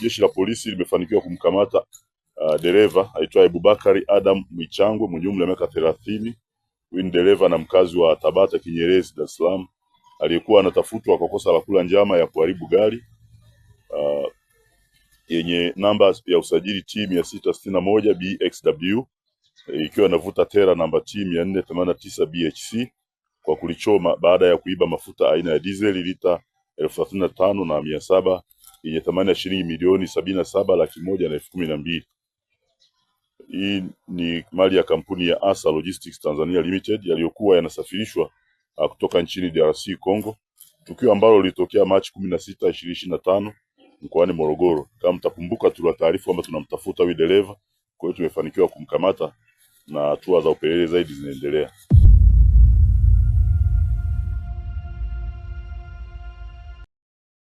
Jeshi la polisi limefanikiwa kumkamata uh, dereva aitwaye Bubakari Adam mwichangwe mwenye umri wa miaka thelathini. Huyu ni dereva na mkazi wa Tabata Kinyerezi, Dar es Salaam, aliyekuwa anatafutwa kwa kosa la kula njama ya kuharibu gari uh, yenye namba ya usajili T mia sita sitini na moja BXW ikiwa inavuta tera namba T mia nne themanini na tisa BHC kwa kulichoma baada ya kuiba mafuta aina ya diesel lita elfu thelathini na tano na mia saba yenye thamani ya shilingi milioni sabini na saba laki moja na elfu kumi na mbili. Hii ni mali ya kampuni ya Asa Logistics Tanzania Limited yaliyokuwa yanasafirishwa ah, kutoka nchini DRC Congo, tukio ambalo lilitokea Machi kumi na sita ishirini ishirini na tano mkoani Morogoro. Kama mtakumbuka, tuliwataarifu kwamba tunamtafuta huyu dereva, kwa hiyo tumefanikiwa kumkamata na hatua za upelelezi zaidi zinaendelea.